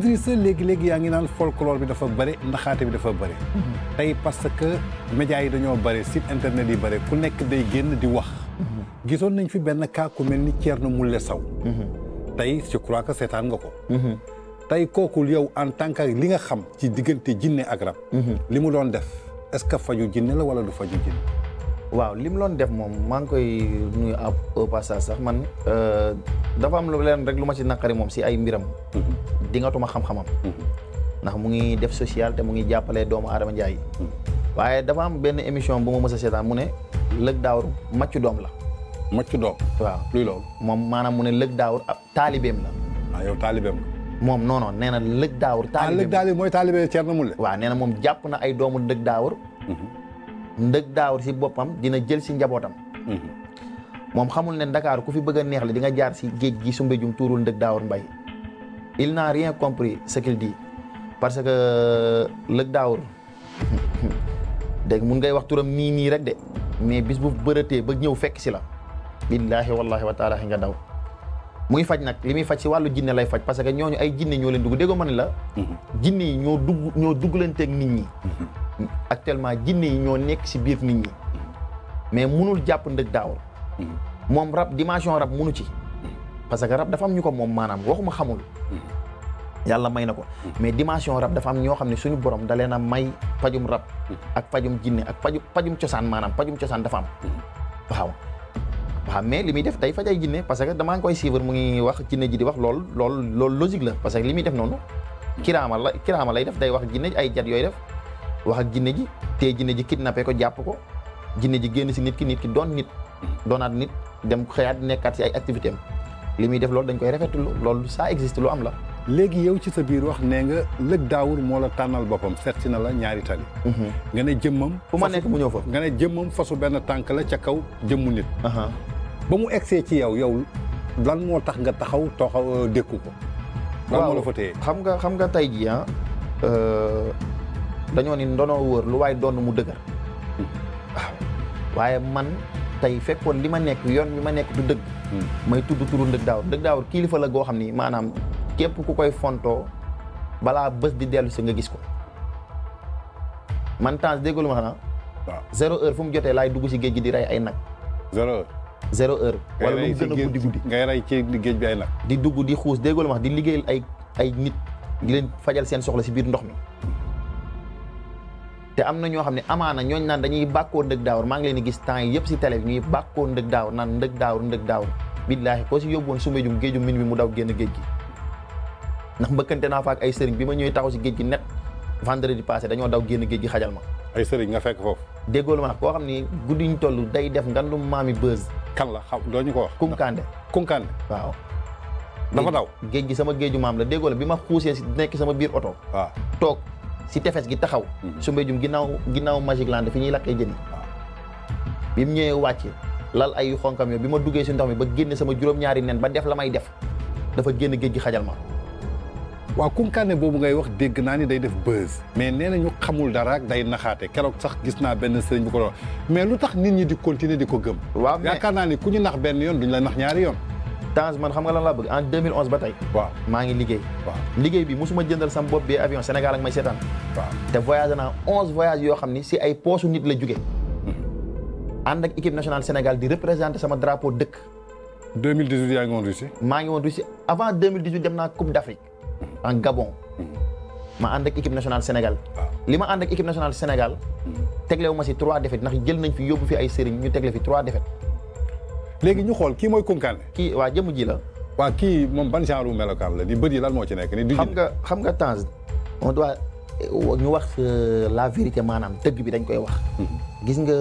Idrissa léegi-léegi yaa ngi naan folklore bi dafa bëri ndaxaate bi dafa bëri mhm. tey parce que médias yi dañoo bëri site internet yi bëri ku nekk day génn di wax mhm. gisoon nañ fi benn cas ku mel ni Thierno Moule Sow mhm. tey je crois que seetaan nga ko tey kookul yow en tant li nga xam ci diggante jinne ak rab li mu doon def est-ce que faju jinne la wala du faju jinne waaw li mu doon def moom maa ngi koy nuyu au passage sax man euh, dafa am lu leen rek lu ma ci naqari moom si ay mbiram mhm. di nga xam-xamam mhm. ndax mu ngi def social te mu ngi jàppale doomu adama njaay mhm. waaye dafa am benn émission bu ma mës a seetaan mu ne lëg daawru maccu doom la maccu doom waaw luy loolu moom maanaam mu ne lëg daawur ab taalibeem la ah yow taalibeem moom non non nee na lëg daawur ah, taalibeem lëg daawur mooy taalibe Thierno Moule waaw nee na moom jàpp na ay doomu lëg daaw ndëg daawur si boppam dina jël si njabootam mhm. moom xamul ne Ndakaaru ku fi bëgg a neex la di nga jaar si géej gi su Soumbédioune tuurul ndëg daawur mbay il n'a rien compris ce qu'il parce que euh, lëg daawur dégg mun ngay wax turam nii nii rek de mais bis bu bërëtee ba ñëw fekk si la billaahi wallaahi wa taala nga daw muy faj nag li muy faj si wàllu jinne lay faj parce que ñooñu ay jinne ñoo leen dugg déggoo ma ne la mhm. jinne yi ñoo dugg ñoo dugglanteeg nit ñi mhm. actuellement jinne yi ñoo nekk si biir nit ñi mais munul jàpp ndëg daaw moom rab dimension rab munu ci parce que rab dafa am ñu ko moom maanaam waxuma xamul yàlla may na ko mais dimension rab dafa am ñoo xam ne suñu borom da leen a may pajum rab ak pajum jinne ak paju pajum cosaan maanaam pajum cosaan dafa am waaw waaw mais li muy def day faj ay jinne parce que damaa ngi koy suivre mu ngi wax jinne ji di wax lool lool loolu logique la parce que li muy def noonu kiraama la kiraama lay def day wax jinne ay jat yooyu def wax ak jinne ji te jinne ji kidnappé ko jàpp ko jinne ji génn si nit ki nit ki doon nit doonaat nit dem xëyaat nekkaat si ay activité am li muy def loolu dañ koy rafetlu loolu saa existe lu am la léegi yow ci sa biir wax nee nga lëg daawur moo la tànnal boppam seet si na la ñaari tali mhm. nga ne jëmmam fu ma nekk mu ñëw fa nga ne jëmmam fasu benn tànk la ca kaw jëmmu nit ba mu egsee ci yow yow lan moo tax nga taxaw toxaw dékku ko lan xam nga xam nga tey ji ah, euh, dañoo ni ndonoo wóor lu waaye doon mu dëgër hmm. waaye man tey fekkoon li ma nekk yoon bi ma nekk du dëgg hmm. may tudd turu ndëg daawur ndëg daawur kilifa la goo xam ni maanaam képp ku koy fontoo balaa bés di dellu si nga gis ko man temps déggalu ma xanaa waaw zéro fu mu jotee laay dugg si géej gi di rey ay nag zéro heure zéro wala lu mu gën a guddi rey ci géej bi ay di dugg di xuus di liggéeyal ay ay nit di leen fajal seen soxla si biir ndox mi te am na ñoo xam ne amaana ñooñ naan dañuy bàkkoo ndëg daawar maa ngi leen gis temps yi yëpp si télé bi ñuy bàkkoo ndëg daawar naan ndëg daawar ndëg daawar billaahi koo si yóbbuwoon Soumbédioune géejum min bi mu daw génn géej gi ndax mbëkkante naa fa ak ay sëriñ bi ma ñëwee taxaw si géej gi net vendredi passé dañoo daw génn géej gi xajal ma ay sëriñ nga fekk foofu déggoolu ma koo xam ni guddi ñu toll day def ngan lu maami buzz kan la xaw doo ñu ko wax kunkande kunkande waaw dafa daw géej gi sama géeju maam la déggoo bi ma xuusee si nekk sama biir oto toog si tefes gi taxaw mhm. su mbéjum ginnaaw ginnaaw Magic Land fi ñuy lakk ay jën yi bi mu ñëwee wàcce lal ay xonkam yo bi ma duggee si ndox mi ba génne sama juróom-ñaari nen ba def la may def dafa génn géej gi xajal ma waaw kunkaane boobu ngay wax dégg naa ni day def buzz mais nee na ñu xamul dara ak day naxaate keroog sax gis naa benn sëriñ bu ko doon mais lu tax nit ñi di continuer di ko gëm waaw yaakaar naa ni ku ñu nax benn yoon duñ la nax ñaari yoon Tange man xam nga lan laa bëgg en 2011 ba tey. waaw maa ngi liggéey. waaw liggéey bi musuma jëndal sam bopp bi avion Sénégal ak may seetaan. waaw te voyagé naa 11 voyages yoo xam ni si ay poosu nit la jugee. Mhm. ànd ak équipe nationale Sénégal di représenté sama drapeau dëkk. 2018 yaa ngi woon Russie. maa ngi woon Russie avant 2018 dem naa Coupe d'Afrique. Mhm. en Gabon. Mhm. ma ànd ak équipe nationale Sénégal. li ma ànd ak équipe nationale Sénégal. tegle wu si trois défaites ndax jël nañ fi yóbbu fi ay sëriñ ñu tegle fi trois défaites. léegi ñu xool kii mooy Kunkandé kii waa jëmm ji la waa kii moom ban genre melokaan la di yi lan moo ci nekk ni di xam nga xam nga temps on doit euh, ñu wax euh, la vérité maanaam dëgg bi dañ koy wax hmm. gis nga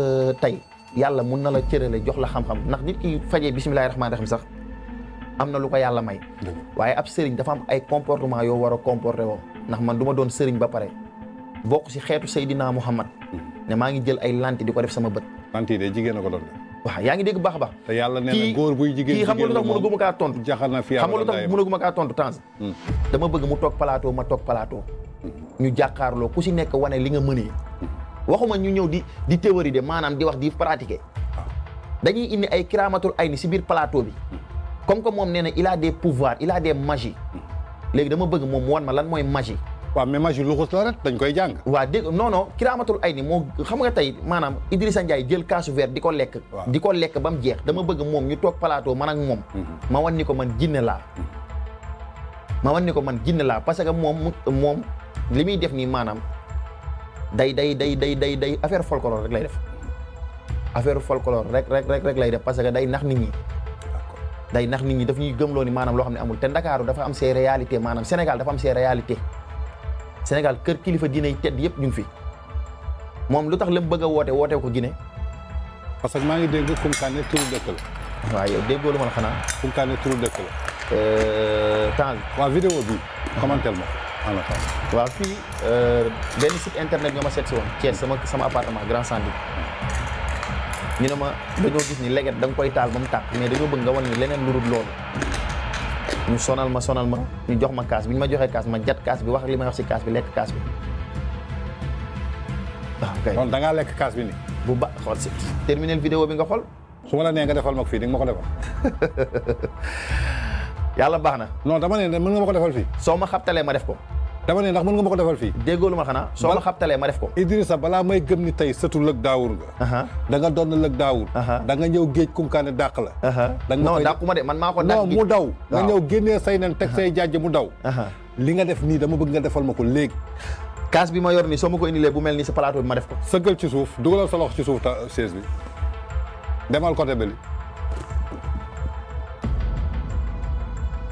tey yàlla mun na la cërale jox la xam-xam ndax nit ki fajee bisimilahi rahmaani rahim sax am na lu ko yàlla may waaye ab sëriñ dafa am ay comportement yoo war a comporté woo ndax man duma doon sëriñ ba pare bokk si xeetu Seydina Muhammad hmm. ne maa ngi jël ay lanti di ko def sama bët lanti de ko doon waaw yaa ngi dégg baax a baax te yàlla nee na góor buy kii xam nga lu tax mënaguma kaa tontu jaxal na fi xam nga lu tax mënaguma kaa temps hmm. dama bëgg mu toog plateau ma toog plateau ñu jàkkaarloo ku si nekk wane li nga mënee waxuma ñu ñëw di di théorie de maanaam di wax di pratiquer dañuy indi ay kiraamatul ay ni si biir plateau bi comme que moom nee na il a pouvoir pouvoirs il a hmm. léegi dama bëgg moom wan ma lan mooy magie waaw mais magie lu xus la rek dañ koy jàng waa dégg non kiraamatul ay ni moo xam nga tey maanaam Idrissa Ndiaye jël kaasu verre di ko lekk di ko lekk ba mu jeex dama bëgg moom ñu toog plateau man ak moom mhm. ma wan ni ko man jinne laa ma wan ko man jinne laa parce que moom moom li muy def nii maanaam day day day day day day affaire folklore rek lay def affaire folklore rek rek rek rek lay def parce que day nax nit ñi day nax nit ñi daf ñuy gëmloo ni maanaam loo xam ne amul te Ndakaaru dafa am ses maanaam Sénégal dafa am ses réalités Sénégal kër kilifa diina yi tedd yëpp ñu ngi fi moom lu tax la mu bëgg a woote woote ko Guinée. parce que maa ngi dégg Koumkane turu dëkk la. waaw yow déggoo lu ma la xanaa. Koumkane turu dëkk la. Euh, temps bi. waaw vidéo bi commentaire ma. waaw fii euh, benn site internet ñoo ma seet si woon Thiès sama sama appartement Grand Sandi ñu ne ma dañoo gis ni leget da nga koy taal ba mu tàkk mais dañoo bëgg nga wan ni leneen lu dul loolu. ñu sonal ma sonal ma ñu jox ma kaas bi ñu ma joxee kaas ma jat kaas bi wax li may wax si kaas bi lekk kaas bi waaw ah, kay da ngaa lekk kaas bi ni bu ba xool si terminal vidéo bi nga xool su ma la nee nga defal ma ko fii di ma ko defal yàlla baax na non dama ne mën nga ma ko defal fii soo ma xabtalee ma def ko dama ne ndax mën nga ma ko defal fii déggoo lu ma xanaa soo ma xabtalee ma def ko Idrissa balaa may gëm ni tey sëtu lëg daawur nga da nga doon lëg daawur da nga ñëw géej kunkaane dàq la da non dàqu ma de man maa ko dàq mu daw nga ñëw génnee say nen teg say jajj mu li nga def nii dama bëgg nga defal ma ko léegi kaas bi ma yor nii soo ma ko indilee bu mel nii sa plateau ma def ko sëggal ci suuf dugalal sa loxo ci suuf ta bi demal côté li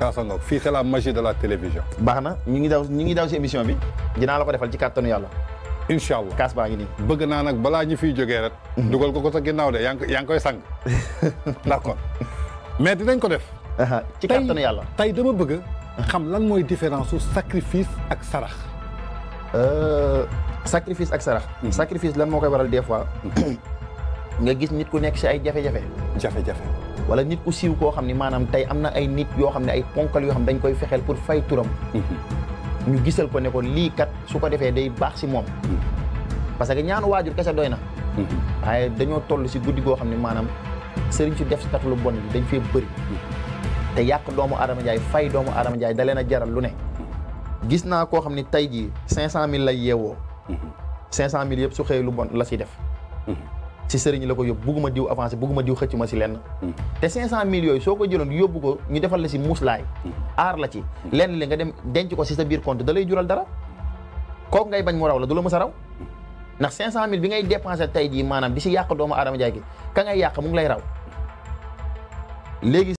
Kaasandoo fii c'est la magie de la télévision. baax na ñu ngi daw ñu ngi daw si émission bi dinaa la ko defal ci kàttanu yàlla. incha allah kaas baa ngi nii. bëgg naa nag balaa ñu fiy jógee rek. Mhm. dugal ko ko sa ginnaaw de yaa ngi koy sang. d'accord mais dinañ ko def. ci kàttanu yàlla tey dama bëgg. xam lan mooy différence su sacrifice ak sarax. Euh, sacrifice ak sarax. Mhm. sacrifice lan moo koy waral dee fois. Mhm. nga gis nit ku nekk si ay jafe-jafe. jafe-jafe. wala nit ku siiw koo xam ni maanaam tey am na ay nit yoo xam ne ay ponkal yoo xam dañ koy fexeel pour fay turam mhm. ñu gisal ko ne ko lii kat su ko defee day baax si moom mhm. parce que ñaanu waajur kese doy na mhm. waaye dañoo toll si guddi goo xam ne maanaam sëriñ su def si katalu bon bi dañ fee bëri te yàq doomu Adama Ndiaye fay doomu Adama Ndiaye da leen a jaral lu ne gis naa koo xam ne tey jii cinq cent mille lay yeewoo cinq cent mille yëpp su xëy lu bon la si def ci sëriñ la ko yóbbu bugguma diw avancé bugguma diw xëccu ma si lenn te cinq cent mille yooyu soo ko jëloon yóbbu ko ñu defal la si muuslaay aar la ci lenn li nga dem denc ko si sa biir compte da lay jural dara kooku ngay bañ mu raw la du la mës a raw ndax cinq cent mille bi ngay dépensé tey jii maanaam di si yàq doomu aadama jaay gi ka ngay yàq mu ngi lay raw léegi